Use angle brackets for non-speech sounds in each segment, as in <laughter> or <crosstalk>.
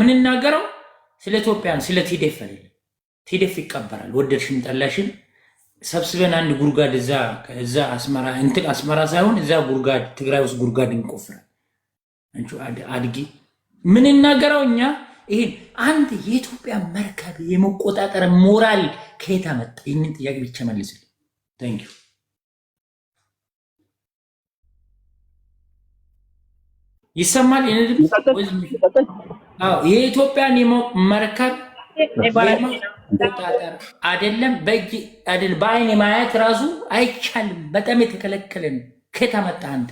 የምንናገረው ስለ ኢትዮጵያ ነው፣ ስለ ቲዴፍ አይደለም። ቲዴፍ ይቀበራል፣ ወደድሽም ጠላሽም ሰብስበን አንድ ጉርጋድ እዛ እዛ አስመራ እንትን አስመራ ሳይሆን እዛ ጉርጋድ ትግራይ ውስጥ ጉድጓድ እንቆፍራል። አንቺ አድጊ ምንናገረው እኛ ይሄን አንድ የኢትዮጵያ መርከብ የመቆጣጠር ሞራል ከየት መጣ? ይህንን ጥያቄ ብቻ መልስልኝ። ታንክ ዩ ይሰማል። የኢትዮጵያን መርከብ መቆጣጠር አይደለም በእጅ አይደለም በአይን ማየት ራሱ አይቻልም። በጣም የተከለከለ ነው። ከተመጣ አንድ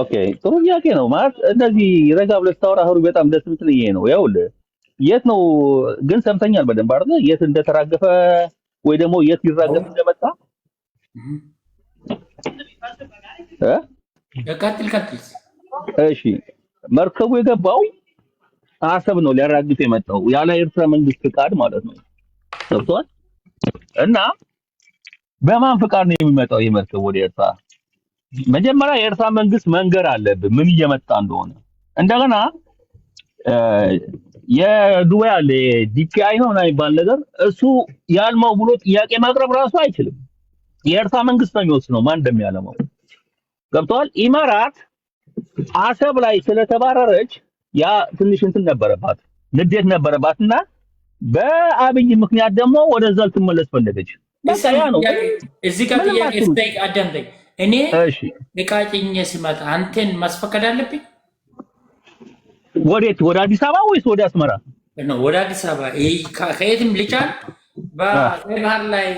ኦኬ፣ ጥሩ ጥያቄ ነው። ማለት እንደዚህ ረጋ ብለህ ስታወራ ሀሩ በጣም ደስ የምትል ይሄ ነው። ያውልህ የት ነው ግን ሰምተኛል በደንብ አይደል? የት እንደተራገፈ ወይ ደግሞ የት ሊራገፍ እንደመጣ እ ቀጥል ቀጥል። እሺ መርከቡ የገባው አሰብ ነው ሊያራግፍ የመጣው ያለ ኤርትራ መንግስት ፍቃድ ማለት ነው። ገብቷል። እና በማን ፍቃድ ነው የሚመጣው የመርከብ ወደ ኤርትራ? መጀመሪያ የኤርትራ መንግስት መንገር አለብን ምን እየመጣ እንደሆነ። እንደገና የዱባይ አለ ዲፒአይ ነው ምናምን የሚባል ነገር እሱ ያልማው ብሎ ጥያቄ ማቅረብ ራሱ አይችልም። የኤርትራ መንግስት ነው የሚወስነው ማን እንደሚያለማው ገብቷል። ኢማራት አሰብ ላይ ስለተባረረች ያ ትንሽ እንትን ነበረባት፣ ንዴት ነበረባት እና በአብይ ምክንያት ደግሞ ወደዛ ትመለስ ፈለገች። እዚህ ጋር ጥያቄ ስጠይቅ እኔ ጭኜ ስመጣ አንተን ማስፈቀድ አለብኝ? ወዴት? ወደ አዲስ አበባ ወይስ ወደ አስመራ? ወደ አዲስ አበባ ከየትም ልጫን በባህር ላይ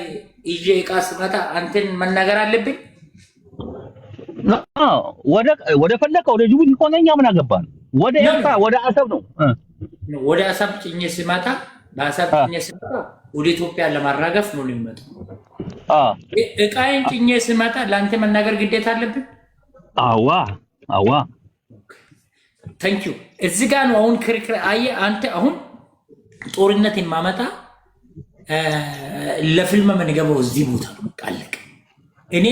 ይዤ እቃ ስመጣ አንተን መናገር አለብኝ? ወደ ፈለቀ ወደ ጅቡቲ ከሆነ እኛ ምን አገባን? ወደ ኤርትራ ወደ አሰብ ነው ወደ አሰብ ጭኜ ሲመጣ በአሰብ ጭኜ ሲመጣ ወደ ኢትዮጵያ ለማራገፍ ነው የሚመጣ። እቃይን ጭኜ ሲመጣ ለአንተ መናገር ግዴታ አለብን። አዋ አዋ ታንኪ ዩ። እዚህ ጋ ነው አሁን ክርክር። አየህ አንተ አሁን ጦርነት የማመጣ ለፊልም የምንገባው እዚህ ቦታ ነው። ቃለቅ እኔ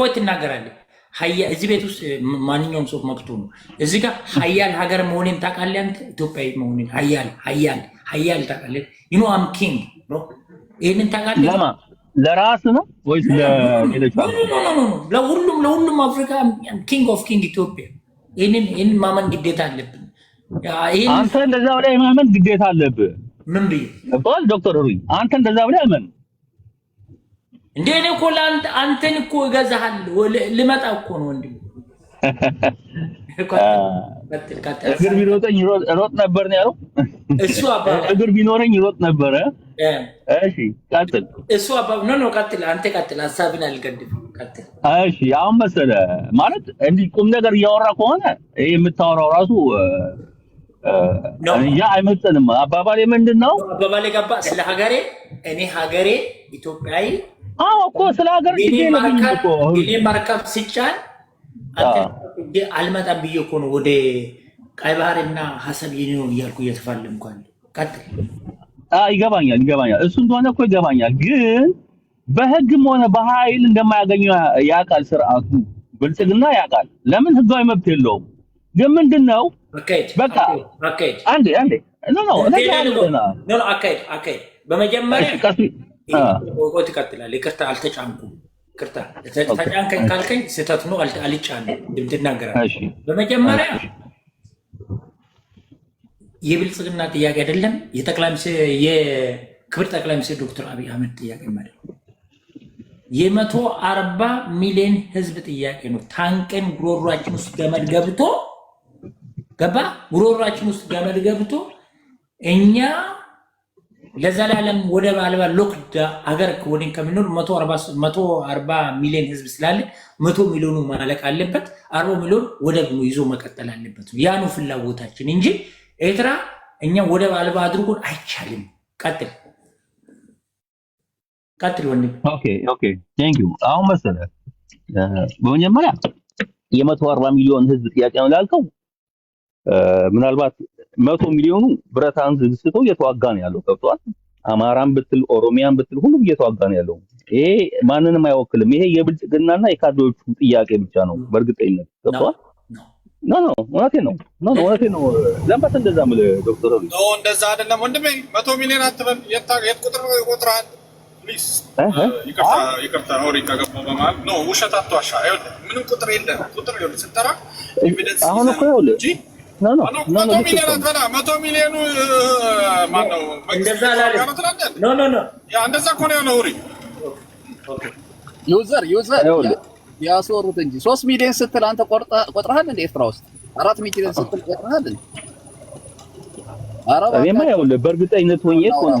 ቆይ ትናገራለህ እዚህ ቤት ውስጥ ማንኛውም ሰው መብቱ ነው። እዚህ ጋር ሀያል ሀገር መሆኔን ታውቃለህ አንተ ኢትዮጵያዊ መሆኔን ሀያል ሀያል ሀያል ታውቃለህ። ዩኖ አም ኪንግ ይህንን ታውቃለህ። ለማ ለራስ ነው ወይስ ለሌሎች? ለሁሉም ለሁሉም አፍሪካ ኪንግ ኦፍ ኪንግ ኢትዮጵያ። ይህንን ይህንን ማመን ግዴታ አለብን። አንተ እንደዛ ብላ ማመን ግዴታ አለብህ። ምን ብዬ ባል ዶክተር ሩኝ አንተ እንደዛ ብላ አመን እንዴ እኔ እኮ ለአንተ አንተን እኮ እገዛሃለሁ። ልመጣ እኮ ነው ወንድም። <laughs> እግር ቢኖረኝ ሮጥ ነበር ነው ያለው እሱ አባባል። <laughs> እግር ቢኖረኝ ሮጥ ነበረ። እሺ ቀጥል። እሱ አባባል ኖ ነው። ቀጥል አንተ ቀጥል፣ ሀሳብን አልገድም። ቀጥል። እሺ አሁን መሰለ ማለት እንዲህ ቁም ነገር እያወራ ከሆነ ይሄ የምታወራው ራሱ ያ አይመጥንም። አባባሌ ምንድን ነው አባባሌ ገባ ስለ ሀገሬ እኔ ሀገሬ ኢትዮጵያዊ አዎ እኮ ስለ ሀገር ጊዜ ማርከብ ሲጫን አልመጣም ብዬ እኮ ነው ወደ ቀይ ባህርና ሀሳብ የኔ ነው እያልኩ እየተፋለምኩ ቀጥል። ይገባኛል ይገባኛል፣ እሱ እንደሆነ እኮ ይገባኛል። ግን በህግም ሆነ በኃይል እንደማያገኙ ያውቃል ስርዓቱ፣ ብልጽግና ያውቃል። ለምን ህጋዊ መብት የለውም። ግን ምንድን ነው በቃ አንዴ አንዴ ነው ነው ነው አካሄድ አካሄድ በመጀመሪያ ቆይቆት ይቀጥላል። ይቅርታ አልተጫንኩም። ይቅርታ ተጫንከኝ ካልከኝ ስህተት ነው። አልጫንም እንድናገራል። በመጀመሪያ የብልጽግና ጥያቄ አይደለም፣ የክብር ጠቅላይ ሚኒስትር ዶክተር አብይ አህመድ ጥያቄ ማለት የመቶ አርባ ሚሊዮን ህዝብ ጥያቄ ነው። ታንቀን ጉሮሯችን ውስጥ ገመድ ገብቶ ገባ ጉሮሯችን ውስጥ ገመድ ገብቶ እኛ ለዘላለም ወደብ አልባ ሎክድ ሀገር ወደ ከሚኖር 140 ሚሊዮን ህዝብ ስላለ መቶ ሚሊዮኑ ማለቅ አለበት። 40 ሚሊዮን ወደብ ይዞ መቀጠል አለበት። ነው ፍላጎታችን እንጂ ኤርትራ እኛ ወደብ አልባ አድርጎን አይቻልም። ቀጥል ቀጥል ወንድም። አሁን መሰለህ በመጀመሪያ የመቶ 140 ሚሊዮን ህዝብ ጥያቄ ነው ላልከው ምናልባት መቶ ሚሊዮኑ ብረት አንስቶ እየተዋጋ ነው ያለው። ገብቷል። አማራን ብትል ኦሮሚያን ብትል ሁሉም እየተዋጋ ነው ያለው። ይሄ ማንንም አይወክልም። ይሄ የብልጽግናና የካድሬዎቹ ጥያቄ ብቻ ነው። በእርግጠኝነት ገብቷል። ኖ ኖ እውነቴ ነው። ኖ ኖ እውነቴ ነው። ለምበት እንደዛ ምል ዶክተር ኖ እንደዛ አይደለም ወንድሜ። መቶ ሚሊዮን አትበል። የት ቁጥር ይቆጥራል? ፕሊዝ ይቅርታ፣ ይቅርታ ኦሪ ከገባ በመሀል ኖ ውሸት አትዋሻ። ምንም ቁጥር የለ ቁጥር ስጠራ ኤቪደንስ አሁን እኮ ይኸውልህ መቶ ሚሊዮን አትበላ። መቶ ሚሊዮኑ ማነው? እንደዛ እኮ ነው የሆነው። ዩዘር ዩዘር ያስወሩት እንጂ ሶስት ሚሊዮን ስትል አንተ ቆጥረሃል እንደ ኤርትራ ውስጥ አራት ሚሊዮን ስትል ቆጥረሃል። እኔማ ይኸውልህ በእርግጠኝነት ሆኜ እኮ ነው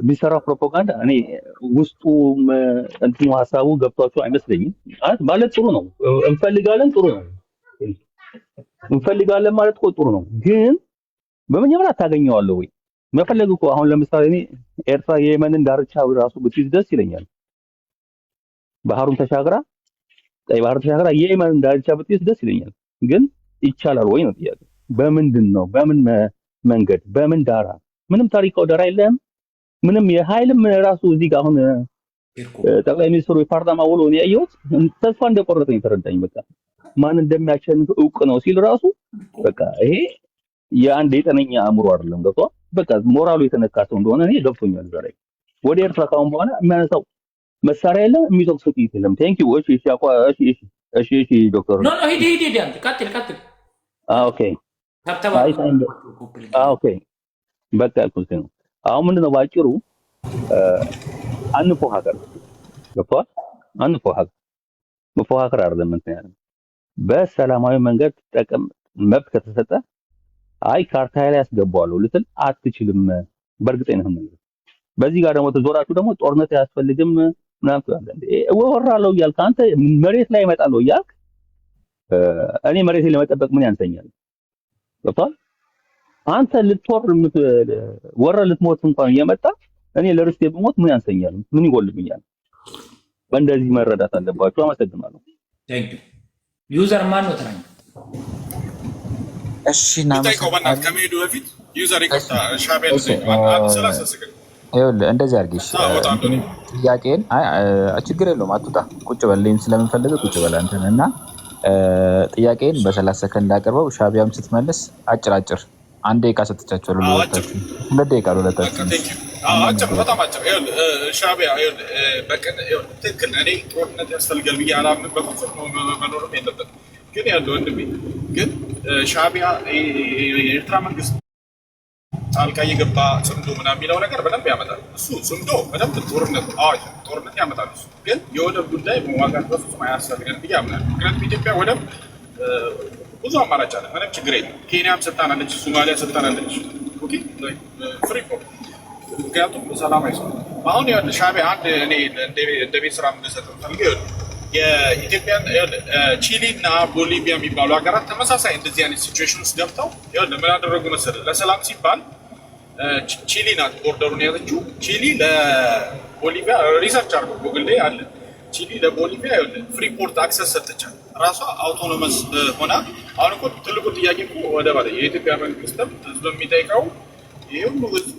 የሚሰራው ፕሮፓጋንዳ እኔ ውስጡ እንትኑ ሀሳቡ ገብቷቸው አይመስለኝም። ማለት ጥሩ ነው እንፈልጋለን፣ ጥሩ ነው እንፈልጋለን ማለት እኮ ጥሩ ነው። ግን በመጀመሪያ ታገኘዋለሁ ወይ መፈለግ እኮ አሁን ለምሳሌ እኔ ኤርትራ የየመንን ዳርቻ ራሱ ብትይዝ ደስ ይለኛል። ባህሩን ተሻግራ ቀይ ባህር ተሻግራ የየመንን ዳርቻ ብትይዝ ደስ ይለኛል። ግን ይቻላል ወይ ነው ጥያቄ። በምንድን ነው በምን መንገድ በምን ዳራ ምንም ታሪክ ወደራ የለህም። ምንም የኃይልም ራሱ እዚህ ጋር አሁን ጠቅላይ ሚኒስትሩ የፓርላማ ውሎ ነው ያየሁት ተስፋ እንደቆረጠ የተረዳኝ በቃ ማን እንደሚያሸንፍ እውቅ ነው ሲል ራሱ በቃ ይሄ የአንድ የጠነኛ አእምሮ አይደለም። ገብቷል። በቃ ሞራሉ የተነካ ሰው እንደሆነ እኔ ገብቶኛል። ዛሬ ወደ ኤርትራ ካሁን በኋላ የሚያነሳው መሳሪያ የለም፣ የሚተኩሰው ጥይት የለም። ቴንክ ዩ። እሺ፣ እሺ፣ እሺ፣ እሺ፣ እሺ ዶክተር ሂድ ሂድ ሂድ። ቀጥል ቀጥል። ኦኬ ኦኬ በቃ ያልኩት ነው። አሁን ምንድነው ባጭሩ አንፎካከር ገብቷል። አንፎካከር መፎካከር አይደለም እንትን ያለ በሰላማዊ መንገድ ጠቀም መብት ከተሰጠ አይ ካርታ ላይ ያስገባዋለሁ ልትል አትችልም። በእርግጠኝነት ነው። በዚህ ጋር ደግሞ ተዞራችሁ ደግሞ ጦርነት አያስፈልግም ምናምን ትላለህ። እንዴ እወራለሁ እያልክ አንተ መሬት ላይ እመጣለሁ እያልክ እኔ መሬት ላይ መጠበቅ ምን ያንሰኛል? ገብቷል አንተ ልትወር ወረ ልትሞት እንኳን እየመጣ እኔ ለርስቴ ብሞት ምን ያንሰኛል? ምን ይጎልብኛል? በእንደዚህ መረዳት አለባችሁ። አመሰግናለሁ። ዩዘር ማን ነው ትራኝ? እሺ ከመሄዱ በፊት እንደዚህ አድርጌሽ ጥያቄን ችግር የለውም አትውጣ፣ ቁጭ በልም ስለምንፈልገው ቁጭ በል አንተን እና ጥያቄን በሰላሳ ሰከንድ አቅርበው ሻቢያም ስትመልስ አጭር አጭር አንድ ደቂቃ ሰጥቻቸው ለሁለታችሁ ሁለት ደቂቃ ለሁለታችሁ። በጣም አጭር ሻዕቢያ ትክክል። እኔ ጦርነት ያስፈልጋል ብዬ አላምንም፣ በፍጹም መኖርም የለበትም። ግን ያለ ወንድሜ ግን ሻቢያ የኤርትራ መንግስት ጣልቃ እየገባ ጽምዶ ምናምን የሚለው ነገር በደንብ ያመጣል። እሱ ጽምዶ በደንብ ጦርነት አዋጅ ጦርነት ያመጣል። እሱ ግን የወደብ ጉዳይ መዋጋት በፍጹም አያስፈልገን ብዬ አምናለሁ። ምክንያቱም ኢትዮጵያ ወደብ ብዙ አማራጭ አለ። ምንም ችግር የለም። ኬንያም ሰጣናለች። አለች፣ ሶማሊያ ስልጣን አለች። ፍሪ ምክንያቱም ሰላም አይሰሩ አሁን ያለ ሻዕቢያ አንድ እኔ እንደ ቤት ስራ ምንሰጥ የኢትዮጵያን ቺሊ እና ቦሊቪያ የሚባሉ ሀገራት ተመሳሳይ እንደዚህ አይነት ሲቹዌሽን ውስጥ ገብተው ምን አደረጉ ለሰላም ሲባል ቺሊ ናት ቦርደሩን ያዘችው። ቺሊ ለቦሊቪያ ሪሰርች አድርገው ጉግል ላይ አለ ቺሊ ለቦሊቪያ ፍሪ ፖርት አክሰስ ሰጥቻል። ራሷ አውቶኖመስ ሆና አሁን እኮ ትልቁ ጥያቄ እኮ ወደ አለ። የኢትዮጵያ መንግስትም ህዝብ የሚጠይቀው ይህም ህዝብ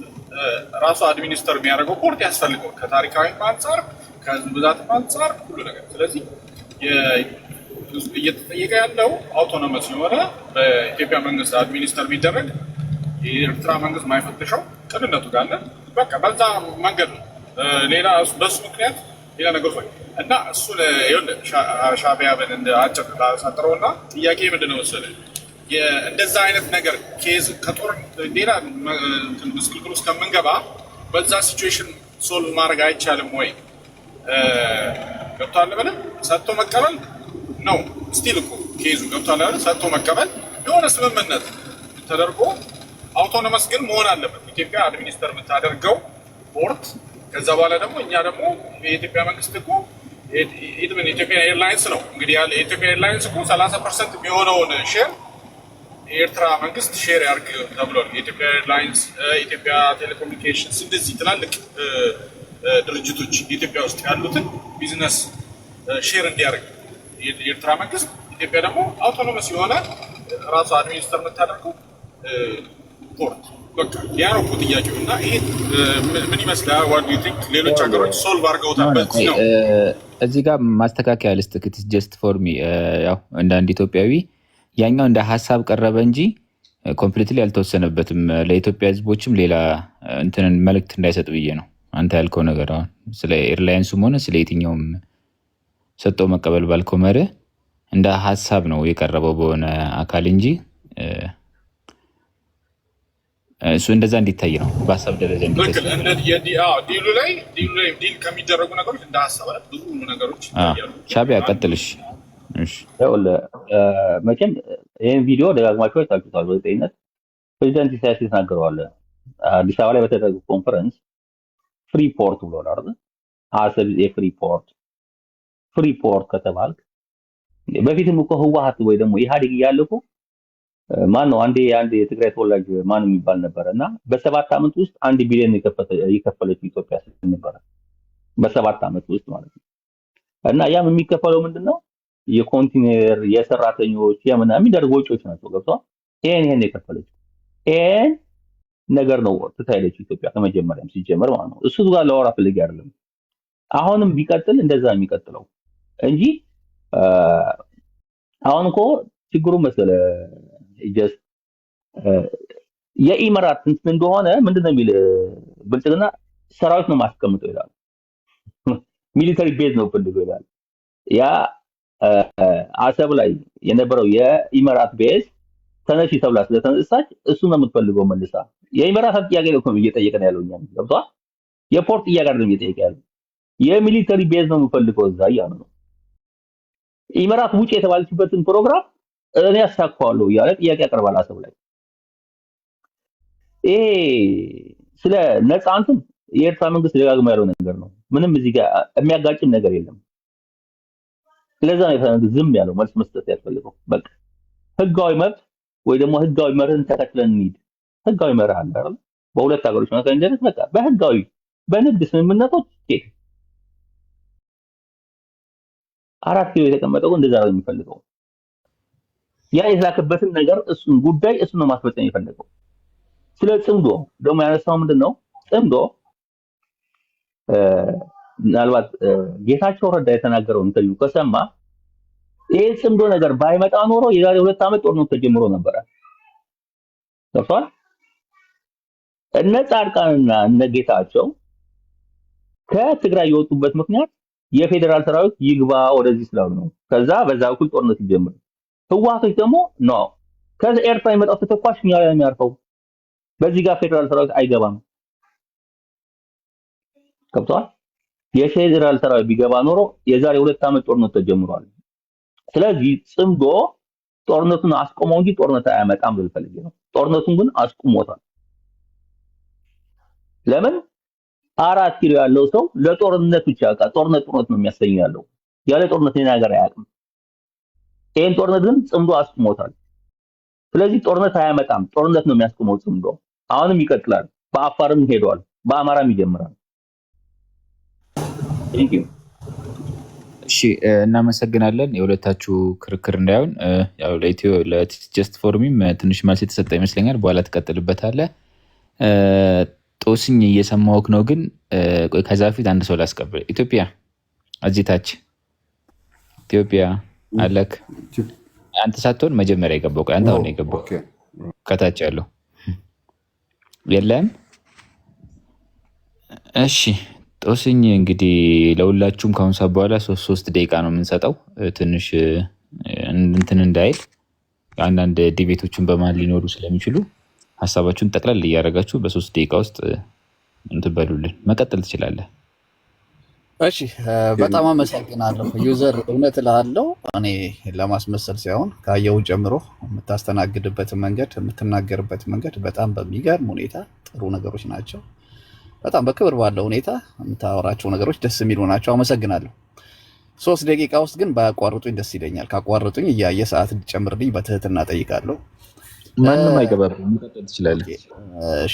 ራሷ አድሚኒስተር የሚያደርገው ፖርት ያስፈልገው ከታሪካዊ አንጻር ከህዝብ ብዛት አንጻር ሁሉ ነገር። ስለዚህ እየተጠየቀ ያለው አውቶኖመስ የሆነ በኢትዮጵያ መንግስት አድሚኒስተር የሚደረግ የኤርትራ መንግስት ማይፈትሸው ቅንነቱ ጋር በቃ በዛ መንገድ ነው። ሌላ በሱ ምክንያት ሌላ ነገር ሆይ እና እሱ ሻቢያ ብን እንደ አጭር ሳጥረው እና ጥያቄ ምንድን ነው መሰለህ እንደዛ አይነት ነገር ኬዝ ከጦር ሌላ ምስክልክል ውስጥ ከምንገባ በዛ ሲትዌሽን ሶልቭ ማድረግ አይቻልም ወይ? ገብቷል በለ ሰጥቶ መቀበል ነው። ስቲል እኮ ኬዙ ገብቷል በለ ሰጥቶ መቀበል የሆነ ስምምነት ተደርጎ አውቶኖመስ ግን መሆን አለበት። ኢትዮጵያ አድሚኒስተር የምታደርገው ቦርድ ከዛ በኋላ ደግሞ እኛ ደግሞ የኢትዮጵያ መንግስት እኮ ኢትዮጵያ ኤርላይንስ ነው እንግዲህ ያለ የኢትዮጵያ ኤርላይንስ እኮ ሰላሳ ፐርሰንት የሚሆነውን ሼር የኤርትራ መንግስት ሼር ያርግ ተብሏል። የኢትዮጵያ ኤርላይንስ፣ ኢትዮጵያ ቴሌኮሙኒኬሽንስ እንደዚህ ትላልቅ ድርጅቶች ኢትዮጵያ ውስጥ ያሉትን ቢዝነስ ሼር እንዲያደርግ የኤርትራ መንግስት፣ ኢትዮጵያ ደግሞ አውቶኖመስ የሆነ ራሱ አድሚኒስተር የምታደርገው ፖርት በቃ ያ ነው እኮ ጥያቄው። እና ይሄ ምን ይመስላል? ዋን ዩ ቲንክ ሌሎች ሀገሮች ሶልቭ አድርገውታበት ነው። እዚህ ጋር ማስተካከያ ልስጥክ። ኢትስ ጀስት ፎር ሚ ያው እንደ አንድ ኢትዮጵያዊ ያኛው እንደ ሀሳብ ቀረበ እንጂ ኮምፕሊትሊ አልተወሰነበትም። ለኢትዮጵያ ሕዝቦችም ሌላ እንትንን መልእክት እንዳይሰጥ ብዬ ነው። አንተ ያልከው ነገር አሁን ስለ ኤርላይንሱም ሆነ ስለ የትኛውም ሰጥቶ መቀበል ባልከው መርህ እንደ ሀሳብ ነው የቀረበው በሆነ አካል እንጂ እሱ እንደዛ እንዲታይ ነው። በሀሳብ ደረጃ ዲሉ ላይ ዲል ከሚደረጉ ነገሮች እንደ ሀሳብ ብዙ ነገሮች ሻቢያ ቀጥልሽ። መቼም ይህን ቪዲዮ ደጋግማቸው አይታችሁታል። በዘጠኝነት ፕሬዚደንት ኢሳያስ የተናገረዋለ አዲስ አበባ ላይ በተደረገ ኮንፈረንስ ፍሪፖርት ብሏል። አር አሰብ የፍሪፖርት ፍሪፖርት ከተባልክ በፊትም እኮ ህወሀት ወይ ደግሞ ኢህአዴግ እያለ እኮ ማን ነው አንዴ አንድ የትግራይ ተወላጅ ማን የሚባል ነበረ እና በሰባት ዓመት ውስጥ አንድ ቢሊዮን የከፈለች ኢትዮጵያ ነበረ በሰባት ዓመት ውስጥ ማለት ነው። እና ያም የሚከፈለው ምንድን ነው? የኮንቲኔር የሰራተኞች የምና የሚደርግ ወጪዎች ናቸው። ገብቷል። ይህን ይህን የከፈለች ይህን ነገር ነው ትታይለች ኢትዮጵያ ከመጀመሪያም ሲጀመር ማለት ነው። እሱ ጋር ለወራ ፈልጌ አይደለም። አሁንም ቢቀጥል እንደዛ የሚቀጥለው እንጂ አሁን እኮ ችግሩ መሰለ የኢመራት uh, እንትን እንደሆነ ምንድን ነው የሚል uh, ብልጽግና ሰራዊት ነው ማስቀምጠው ይላሉ። ሚሊተሪ ቤዝ ነው ፈልገው ይላሉ። ያ uh, አሰብ ላይ የነበረው የኢመራት ቤዝ ተነሽ ተብላ ስለተነሳች እሱ ነው የምትፈልገው መልሳ። የኢመራት ጥያቄ ነው እየጠየቀ ነው ያለው። እኛ ገብቷል። የፖርት ጥያቄ አይደለም እየጠየቀ ያለው የሚሊተሪ ቤዝ ነው የምፈልገው እዛ እያሉ ነው። ኢመራት ውጭ የተባለችበትን ፕሮግራም እኔ ያሳካዋለሁ እያለ ጥያቄ ያቀርባል አሰብ ላይ። ይሄ ስለ ነፃ እንትን የኤርትራ መንግስት ደጋግሞ ያለው ነገር ነው። ምንም እዚህ ጋር የሚያጋጭም ነገር የለም። ስለዛ ነው የኤርትራ መንግስት ዝም ያለው፣ መልስ መስጠት ያስፈልገው። በቃ ህጋዊ መብት ወይ ደግሞ ህጋዊ መርህን ተከትለን እንሂድ። ህጋዊ መርህ አለ አይደል? በሁለት ሀገሮች መካከል እንደዚህ በቃ በህጋዊ በንግድ ስምምነቶች ይሄ አራት ኪሎ የተቀመጠው እንደዛ ነው የሚፈልገው። ያ የተላከበትን ነገር እሱን ጉዳይ እሱን ነው ማስፈጸም የፈለገው። ስለ ጽምዶ ደግሞ ያነሳው ምንድን ነው? ጽምዶ ምናልባት ጌታቸው ረዳ የተናገረው ኢንተርቪው ከሰማ ይሄ ጽምዶ ነገር ባይመጣ ኖሮ የዛሬ ሁለት ዓመት ጦርነት ተጀምሮ ነበረ። ገብቷል። እነ ጻድቃንና እነ ጌታቸው ከትግራይ የወጡበት ምክንያት የፌዴራል ሰራዊት ይግባ ወደዚህ ስላሉ ነው። ከዛ በዛ በኩል ጦርነት ይጀምራል። ህዋቶች ደግሞ ኖ ከኤርትራ የመጣው ተተኳሽ እኛ ላይ የሚያርፈው በዚህ ጋር ፌዴራል ሰራዊት አይገባም። ገብቷል። የፌዴራል ሰራዊት ቢገባ ኖሮ የዛሬ ሁለት ዓመት ጦርነት ተጀምሯል። ስለዚህ ጽምዶ ጦርነቱን አስቆመው እንጂ ጦርነት አያመጣም ብሎ ነው። ጦርነቱን ግን አስቆሞታል። ለምን አራት ኪሎ ያለው ሰው ለጦርነት ብቻ ቃ ጦርነት ጦርነት ነው የሚያሰኘው ያለው ያለ ጦርነት ሌላ ነገር አያውቅም። ይህን ጦርነት ግን ጽምዶ አስቁሞታል። ስለዚህ ጦርነት አያመጣም። ጦርነት ነው የሚያስቆመው ጽምዶ። አሁንም ይቀጥላል። በአፋርም ሄዷል፣ በአማራም ይጀምራል። እሺ እናመሰግናለን። የሁለታችሁ ክርክር እንዳይሆን ያው ለኢትዮ ለጀስት ፎርሚም ትንሽ መልስ የተሰጠ ይመስለኛል። በኋላ ትቀጥልበታለህ። ጦስኝ እየሰማሁህ ነው፣ ግን ከዛ በፊት አንድ ሰው ላስቀብል። ኢትዮጵያ አጂታች ኢትዮጵያ አለክ አንተ ሳትሆን መጀመሪያ የገባው አንተ አሁን የገባው ከታች ያለው የለም። እሺ ጦስኝ እንግዲህ ለሁላችሁም ከአሁን ሰዓት በኋላ ሶስት ሶስት ደቂቃ ነው የምንሰጠው። ትንሽ እንትን እንዳይል አንዳንድ ዲቤቶችን በመሀል ሊኖሩ ስለሚችሉ ሀሳባችሁን ጠቅላል እያደረጋችሁ በሶስት ደቂቃ ውስጥ እንትበሉልን መቀጠል ትችላለህ። እሺ በጣም አመሰግናለሁ ዩዘር። እውነት ላለው እኔ ለማስመሰል ሳይሆን ካየው ጀምሮ የምታስተናግድበት መንገድ የምትናገርበት መንገድ በጣም በሚገርም ሁኔታ ጥሩ ነገሮች ናቸው። በጣም በክብር ባለው ሁኔታ የምታወራቸው ነገሮች ደስ የሚሉ ናቸው። አመሰግናለሁ። ሶስት ደቂቃ ውስጥ ግን ባያቋርጡኝ ደስ ይለኛል። ካቋርጡኝ እያየ ሰዓት እንዲጨምርልኝ በትህትና ጠይቃለሁ። ማንም መቀጠል ትችላለህ።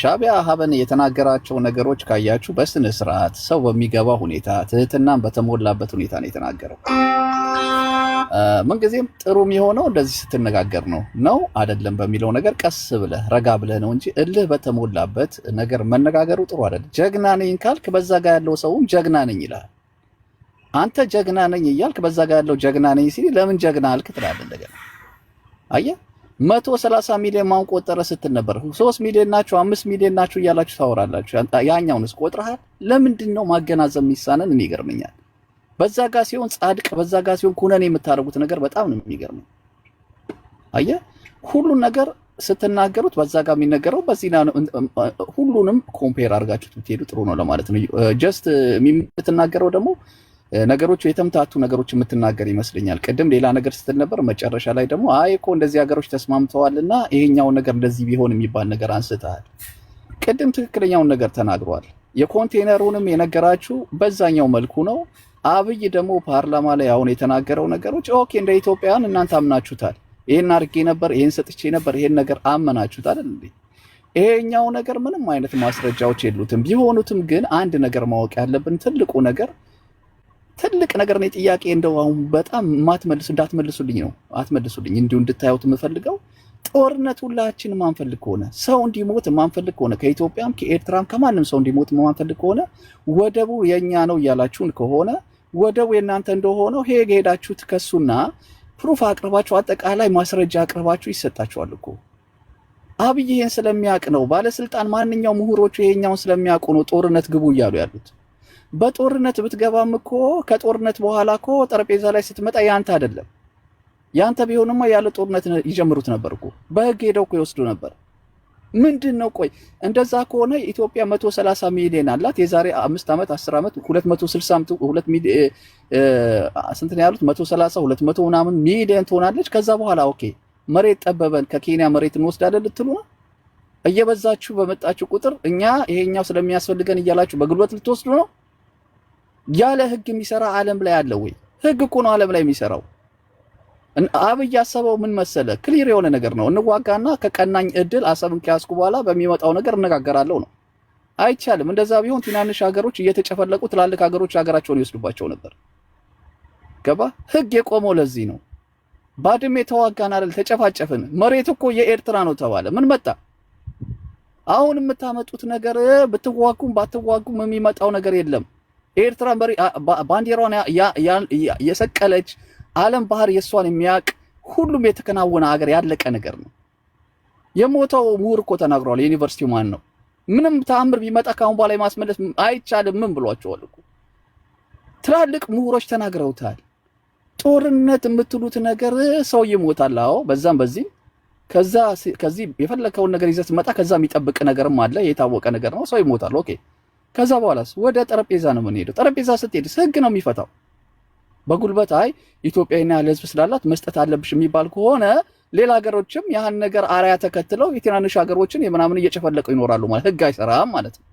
ሻቢያ ሀበን የተናገራቸው ነገሮች ካያችሁ በስነ ስርዓት ሰው በሚገባ ሁኔታ ትህትናን በተሞላበት ሁኔታ ነው የተናገረው። ምንጊዜም ጥሩ የሚሆነው እንደዚህ ስትነጋገር ነው ነው አይደለም በሚለው ነገር ቀስ ብለህ ረጋ ብለህ ነው እንጂ እልህ በተሞላበት ነገር መነጋገሩ ጥሩ አይደለም። ጀግና ነኝ ካልክ በዛ ጋር ያለው ሰውም ጀግና ነኝ ይላል። አንተ ጀግና ነኝ እያልክ በዛ ጋር ያለው ጀግና ነኝ ሲል ለምን ጀግና አልክ ትላለህ እንደገና አየህ መቶ ሰላሳ ሚሊዮን ማን ቆጠረ ስትል ነበር። ሶስት ሚሊዮን ናቸው አምስት ሚሊዮን ናቸው እያላችሁ ታወራላችሁ። ያኛውንስ ቆጥረሃል? ለምንድን ነው ማገናዘብ የሚሳነን? እኔ ይገርመኛል። በዛ ጋ ሲሆን ጻድቅ፣ በዛ ጋ ሲሆን ኩነኔ የምታደርጉት ነገር በጣም ነው የሚገርመው። አየህ ሁሉን ነገር ስትናገሩት በዛ ጋር የሚነገረው በዚህና ሁሉንም ኮምፔር አድርጋችሁ ብትሄዱ ጥሩ ነው ለማለት ነው። ጀስት የምትናገረው ደግሞ ነገሮቹ የተምታቱ ነገሮች የምትናገር ይመስለኛል። ቅድም ሌላ ነገር ስትል ነበር። መጨረሻ ላይ ደግሞ አይ እኮ እንደዚህ ሀገሮች ተስማምተዋል እና ይሄኛውን ነገር እንደዚህ ቢሆን የሚባል ነገር አንስተሃል። ቅድም ትክክለኛውን ነገር ተናግሯል። የኮንቴነሩንም የነገራችሁ በዛኛው መልኩ ነው። አብይ ደግሞ ፓርላማ ላይ አሁን የተናገረው ነገሮች ኦኬ፣ እንደ ኢትዮጵያውያን እናንተ አምናችሁታል። ይሄን አድርጌ ነበር፣ ይህን ሰጥቼ ነበር፣ ይህን ነገር አመናችሁታል እንዴ? ይሄኛው ነገር ምንም አይነት ማስረጃዎች የሉትም። ቢሆኑትም ግን አንድ ነገር ማወቅ ያለብን ትልቁ ነገር ትልቅ ነገር ነው። ጥያቄ እንደው አሁን በጣም ማትመልሱ እንዳትመልሱልኝ ነው አትመልሱልኝ። እንዲሁ እንድታዩት የምፈልገው ጦርነት ሁላችን ማንፈልግ ከሆነ ሰው እንዲሞት ማንፈልግ ከሆነ ከኢትዮጵያም ከኤርትራም ከማንም ሰው እንዲሞት ማንፈልግ ከሆነ ወደቡ የኛ ነው እያላችሁን ከሆነ ወደቡ የእናንተ እንደሆነው ሄግ ሄዳችሁ ትከሱና ፕሩፍ አቅርባችሁ አጠቃላይ ማስረጃ አቅርባችሁ ይሰጣችኋል እኮ። አብይ ይሄን ስለሚያውቅ ነው ባለስልጣን ማንኛውም ምሁሮቹ ይሄኛውን ስለሚያውቁ ነው ጦርነት ግቡ እያሉ ያሉት። በጦርነት ብትገባም እኮ ከጦርነት በኋላ እኮ ጠረጴዛ ላይ ስትመጣ ያንተ አይደለም። ያንተ ቢሆንማ ያለ ጦርነት ይጀምሩት ነበር እኮ በህግ ሄደው እኮ ይወስዱ ነበር። ምንድን ነው ቆይ፣ እንደዛ ከሆነ ኢትዮጵያ 130 ሚሊዮን አላት። የዛሬ አምስት ዓመት 10 ዓመት 260 2 ሚሊዮን ስንት ነው ያሉት? 130 200 ምናምን ሚሊዮን ትሆናለች። ከዛ በኋላ ኦኬ መሬት ጠበበን ከኬንያ መሬት እንወስዳለን ልትሉ ነው። እየበዛችሁ በመጣችሁ ቁጥር እኛ ይሄኛው ስለሚያስፈልገን እያላችሁ በጉልበት ልትወስዱ ነው። ያለ ህግ የሚሰራ ዓለም ላይ አለ ወይ? ህግ እኮ ነው ዓለም ላይ የሚሰራው። አብይ ያሰበው ምን መሰለ? ክሊር የሆነ ነገር ነው። እንዋጋና ከቀናኝ እድል አሰብን ከያዝኩ በኋላ በሚመጣው ነገር እነጋገራለሁ ነው። አይቻልም። እንደዛ ቢሆን ትናንሽ ሀገሮች እየተጨፈለቁ ትላልቅ ሀገሮች ሀገራቸውን ይወስዱባቸው ነበር። ገባ? ህግ የቆመው ለዚህ ነው። ባድሜ ተዋጋን አይደል? ተጨፋጨፍን። መሬት እኮ የኤርትራ ነው ተባለ። ምን መጣ? አሁን የምታመጡት ነገር ብትዋጉም ባትዋጉም የሚመጣው ነገር የለም። የኤርትራ መሪ ባንዲራዋን የሰቀለች ዓለም ባህር የእሷን የሚያውቅ ሁሉም የተከናወነ ሀገር ያለቀ ነገር ነው። የሞተው ምሁር እኮ ተናግሯል። የዩኒቨርሲቲው ማን ነው? ምንም ተአምር ቢመጣ ካሁን በኋላ ማስመለስ አይቻልም። ምን ብሏቸዋል እኮ ትላልቅ ምሁሮች ተናግረውታል። ጦርነት የምትሉት ነገር ሰው ይሞታል። አዎ በዛም በዚህ ከዛ ከዚህ የፈለከውን ነገር ይዘህ ስትመጣ ከዛ የሚጠብቅ ነገርም አለ። የታወቀ ነገር ነው። ሰው ይሞታል። ኦኬ ከዛ በኋላስ ወደ ጠረጴዛ ነው የምንሄደው። ጠረጴዛ ስትሄድ ህግ ነው የሚፈታው። በጉልበት አይ ኢትዮጵያና ለህዝብ ስላላት መስጠት አለብሽ የሚባል ከሆነ ሌላ ሀገሮችም ያህን ነገር አርያ ተከትለው የትናንሽ ሀገሮችን የምናምን እየጨፈለቀው ይኖራሉ ማለት ህግ አይሰራም ማለት ነው።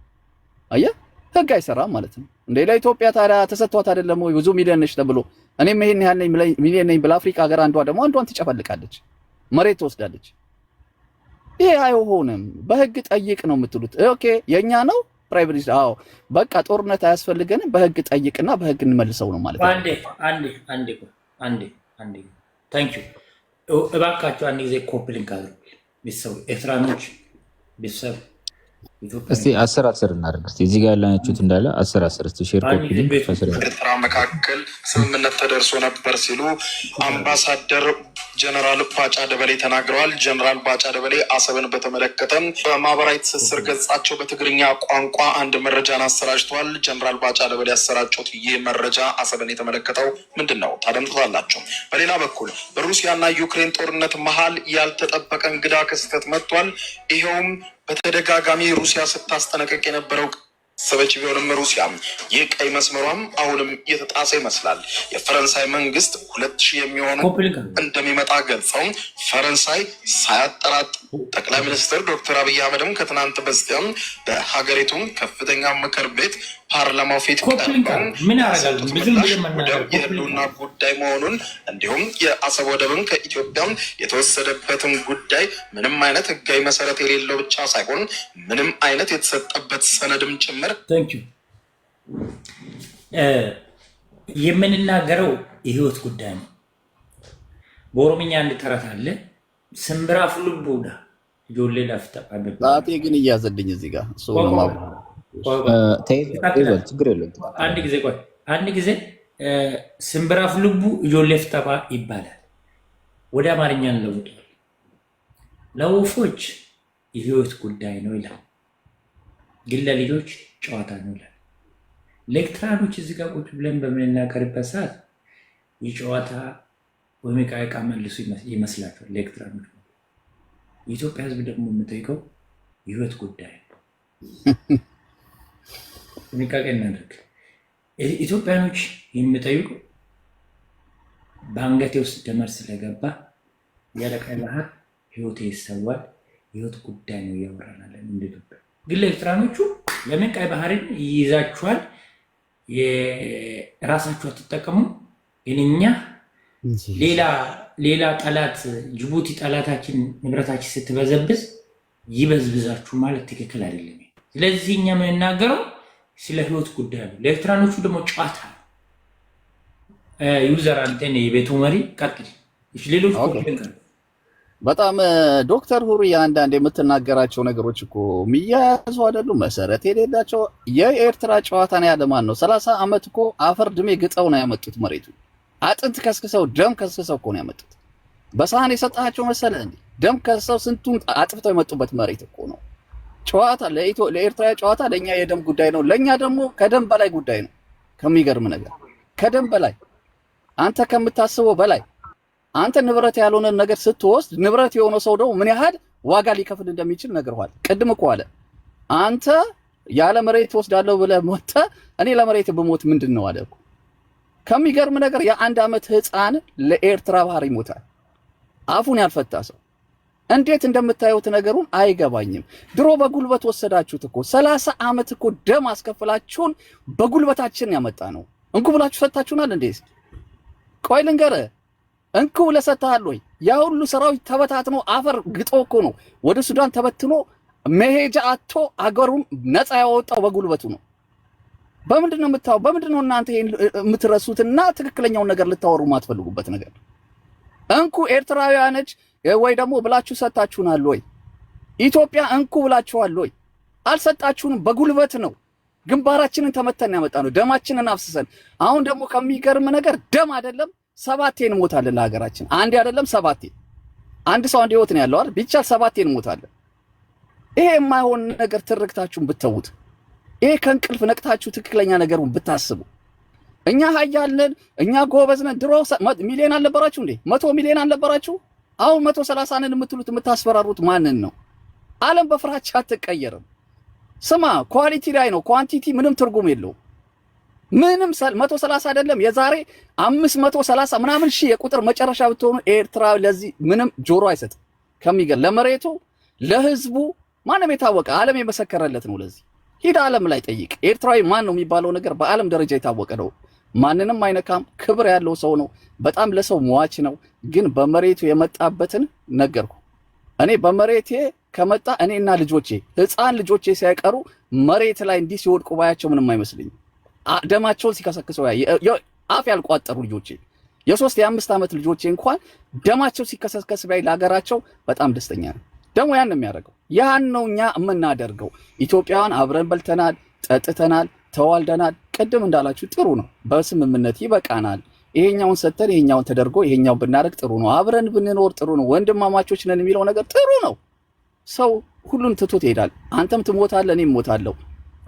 አየህ ህግ አይሰራም ማለት ነው። እንደ ለኢትዮጵያ ታዲያ ተሰጥቷት አይደለም ወይ ብዙ ሚሊዮን ነች ተብሎ እኔም ይሄን ያህል ሚሊዮን ነኝ ብላ አፍሪካ ሀገር አንዷ ደግሞ አንዷን ትጨፈልቃለች፣ መሬት ትወስዳለች። ይሄ አይሆንም። በህግ ጠይቅ ነው የምትሉት። ኦኬ የኛ ነው ፕራይቬሪ አዎ፣ በቃ ጦርነት አያስፈልገንም። በህግ ጠይቅና በህግ እንመልሰው ነው ማለት ነው። አንዴ አንዴ አንዴ አንዴ አንዴ ታንክ ዩ እባካቸው አንድ ጊዜ ኮፕሊንግ አድርጉ ቤተሰብ ኤርትራኖች ቤተሰብ እስቲ አስር አስር እናደርግ ስ እዚህ ጋር ያላችሁት እንዳለ አስር አስር ስ ሼር ኤርትራ መካከል ስምምነት ተደርሶ ነበር ሲሉ አምባሳደር ጀነራል ባጫ ደበሌ ተናግረዋል። ጀነራል ባጫ ደበሌ አሰብን በተመለከተም በማህበራዊ ትስስር ገጻቸው በትግርኛ ቋንቋ አንድ መረጃን አሰራጭተዋል። ጀነራል ባጫ ደበሌ ያሰራጩት ይህ መረጃ አሰብን የተመለከተው ምንድን ነው? ታደምጡታላቸው። በሌላ በኩል በሩሲያና ዩክሬን ጦርነት መሀል ያልተጠበቀ እንግዳ ክስተት መጥቷል። ይኸውም በተደጋጋሚ ሩሲያ ስታስጠነቀቅ የነበረው ሰበች ቢሆንም ሩሲያ ይህ ቀይ መስመሯም አሁንም የተጣሰ ይመስላል። የፈረንሳይ መንግስት ሁለት ሺህ የሚሆኑ እንደሚመጣ ገልጸው ፈረንሳይ ሳያጠራጥ ጠቅላይ ሚኒስትር ዶክተር አብይ አህመድም ከትናንት በስቲያም በሀገሪቱም ከፍተኛ ምክር ቤት ፓርላማው ፊት ወደብ የህልውና ጉዳይ መሆኑን እንዲሁም የአሰብ ወደብን ከኢትዮጵያ የተወሰደበትን ጉዳይ ምንም አይነት ህጋዊ መሰረት የሌለው ብቻ ሳይሆን ምንም አይነት የተሰጠበት ሰነድም ጭምር የምንናገረው የህይወት ጉዳይ ነው። በኦሮምኛ አንድ ተረት አለ። ስምብራፍ ልቡዳ ጆሌ ላፍታ ሰዓቴ ግን እያዘልኝ እዚህ ጋር አንድ ጊዜ ቆይ፣ አንድ ጊዜ ስምብራፍ ልቡ ጆሌ ፍጠባ ይባላል። ወደ አማርኛ እንለውጠዋል። ለወፎች የህይወት ጉዳይ ነው ይላል። ግን ለልጆች ጨዋታ ነው ይላል። ሌክትራኖች እዚህ ጋር ቁጭ ብለን በምንናገርበት ሰዓት የጨዋታ ወይም ዕቃ ዕቃ መልሱ ይመስላቸዋል ሌክትራኖች። የኢትዮጵያ ሕዝብ ደግሞ የምጠይቀው የህይወት ጉዳይ <laughs> ጥንቃቄ እናደርግ። ኢትዮጵያኖች የሚጠይቁ በአንገቴ ውስጥ ደመር ስለገባ ያለቀ ባህር ህይወት ይሰዋል። ህይወት ጉዳይ ነው እያወራናለን እንደ ኢትዮጵያ ግን ኤርትራኖቹ ለምን ቀይ ባህርን ይይዛችኋል? የራሳችሁ አትጠቀሙ፣ ግን እኛ ሌላ ጠላት ጅቡቲ ጠላታችን ንብረታችን ስትበዘብዝ ይበዝብዛችሁ ማለት ትክክል አይደለም። ስለዚህ እኛ የምንናገረው ስለ ህይወት ጉዳይ ነው። ለኤርትራኖቹ ደግሞ ጨዋታ ነው። ዩዘር አንተን የቤቱ መሪ ቀጥል ሌሎች በጣም ዶክተር ሁሩዬ አንዳንድ የምትናገራቸው ነገሮች እኮ የሚያያዙ አይደሉም፣ መሰረት የሌላቸው የኤርትራ ጨዋታ ነው ነው? ሰላሳ ዓመት እኮ አፈር ድሜ ግጠው ነው ያመጡት። መሬቱ አጥንት ከስክሰው ደም ከስክሰው እኮ ነው ያመጡት። በሳህን የሰጣቸው መሰለ እንዴ? ደም ከስክሰው ስንቱን አጥፍተው የመጡበት መሬት እኮ ነው። ጨዋታ ለኤርትራ ጨዋታ ለእኛ የደም ጉዳይ ነው። ለእኛ ደግሞ ከደም በላይ ጉዳይ ነው። ከሚገርም ነገር ከደም በላይ አንተ ከምታስበው በላይ አንተ ንብረት ያልሆነ ነገር ስትወስድ ንብረት የሆነ ሰው ደግሞ ምን ያህል ዋጋ ሊከፍል እንደሚችል ነግረዋል። ቅድም እኮ አለ አንተ ያለ መሬት ወስዳለሁ ብለህ ሞተ እኔ ለመሬት ብሞት ምንድን ነው አለ ከሚገርም ነገር የአንድ ዓመት ህፃን ለኤርትራ ባህር ይሞታል። አፉን ያልፈታ ሰው እንዴት እንደምታዩት ነገሩን አይገባኝም። ድሮ በጉልበት ወሰዳችሁት እኮ ሰላሳ ዓመት እኮ ደም አስከፍላችሁን በጉልበታችን ያመጣ ነው። እንኩ ብላችሁ ፈታችሁናል እንዴ? ቆይ ልንገርህ እንኩ ውለህ ወይ? ያ ሁሉ ሰራዊት ተበታትኖ አፈር ግጦ እኮ ነው ወደ ሱዳን ተበትኖ መሄጃ አቶ አገሩን ነፃ ያወጣው በጉልበቱ ነው። በምንድን ነው የምታው? በምንድን ነው እናንተ ይሄን የምትረሱትና ትክክለኛውን ነገር ልታወሩ የማትፈልጉበት ነገር? እንኩ ኤርትራውያነች ወይ ደግሞ ብላችሁ ሰጣችሁናል ወይ? ኢትዮጵያ እንኩ ብላችኋል ወይ? አልሰጣችሁንም። በጉልበት ነው ግንባራችንን ተመተን ያመጣ ነው፣ ደማችንን አፍስሰን። አሁን ደግሞ ከሚገርም ነገር ደም አይደለም ሰባቴ እንሞታለን ለሀገራችን። አንድ አይደለም ሰባቴ። አንድ ሰው አንድ ህይወት ነው ያለው አይደል? ቢቻል ሰባቴ እንሞታለን። ይሄ የማይሆን ነገር ትርክታችሁን ብትተዉት፣ ይሄ ከእንቅልፍ ነቅታችሁ ትክክለኛ ነገሩን ብታስቡ፣ እኛ ሀያልን እኛ ጎበዝነን ድሮ ሚሊዮን አልነበራችሁ እንዴ? መቶ ሚሊዮን አልነበራችሁ? አሁን መቶ ሰላሳ ነን የምትሉት የምታስፈራሩት ማንን ነው? ዓለም በፍራቻ አትቀየርም። ስማ፣ ኳሊቲ ላይ ነው ኳንቲቲ ምንም ትርጉም የለውም። ምንም መቶ ሰላሳ አይደለም የዛሬ አምስት መቶ ሰላሳ ምናምን ሺህ የቁጥር መጨረሻ ብትሆኑ ኤርትራ ለዚህ ምንም ጆሮ አይሰጥም። ከሚገርም ለመሬቱ ለህዝቡ ማንም የታወቀ ዓለም የመሰከረለት ነው። ለዚህ ሂድ ዓለም ላይ ጠይቅ። ኤርትራዊ ማን ነው የሚባለው ነገር በዓለም ደረጃ የታወቀ ነው። ማንንም አይነካም። ክብር ያለው ሰው ነው። በጣም ለሰው መዋች ነው። ግን በመሬቱ የመጣበትን ነገርኩ። እኔ በመሬቴ ከመጣ እኔና ልጆቼ ህፃን ልጆቼ ሳይቀሩ መሬት ላይ እንዲህ ሲወድቁ ባያቸው ምንም አይመስልኝም። ደማቸውን ሲከሰክሰው አፍ ያልቋጠሩ ልጆች የሶስት የአምስት ዓመት ልጆቼ እንኳን ደማቸው ሲከሰከስ ባይ ለሀገራቸው በጣም ደስተኛ ነው። ደግሞ ያን ነው የሚያደርገው። ያን ነው እኛ የምናደርገው። ኢትዮጵያውያን አብረን በልተናል፣ ጠጥተናል፣ ተዋልደናል። ቅድም እንዳላችሁ ጥሩ ነው፣ በስምምነት ይበቃናል። ይሄኛውን ሰጥተን ይሄኛውን ተደርጎ ይሄኛውን ብናደርግ ጥሩ ነው፣ አብረን ብንኖር ጥሩ ነው፣ ወንድማማቾች ነን የሚለው ነገር ጥሩ ነው። ሰው ሁሉን ትቶት ይሄዳል። አንተም ትሞታለህ፣ እኔም እሞታለሁ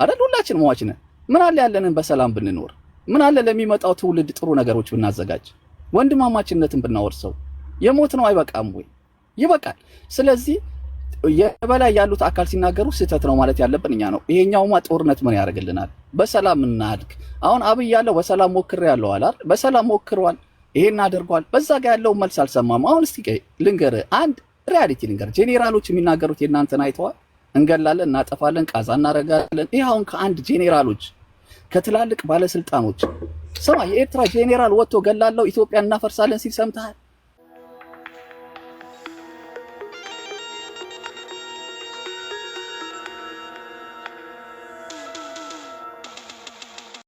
አይደል? ሁላችን ሟች ነን። ምን አለ ያለንን በሰላም ብንኖር? ምን አለ ለሚመጣው ትውልድ ጥሩ ነገሮች ብናዘጋጅ? ወንድማማችነትን ብናወርሰው? የሞት ነው አይበቃም ወይ? ይበቃል። ስለዚህ የበላይ ያሉት አካል ሲናገሩ ስህተት ነው ማለት ያለብን እኛ ነው። ይሄኛውማ ጦርነት ምን ያደርግልናል? በሰላም እናድግ። አሁን አብይ ያለው በሰላም ሞክር ያለው አላል በሰላም ሞክሯል፣ ይሄን አድርጓል። በዛ ጋ ያለው መልስ አልሰማም። አሁን እስቲ ልንገር፣ አንድ ሪያሊቲ ልንገር። ጄኔራሎች የሚናገሩት የእናንተን አይተዋል? እንገላለን፣ እናጠፋለን፣ ቃዛ እናደርጋለን። ይህ አሁን ከአንድ ጄኔራሎች ከትላልቅ ባለስልጣኖች ስማ፣ የኤርትራ ጄኔራል ወጥቶ ገላለው ኢትዮጵያ እናፈርሳለን ሲል ሰምተሃል?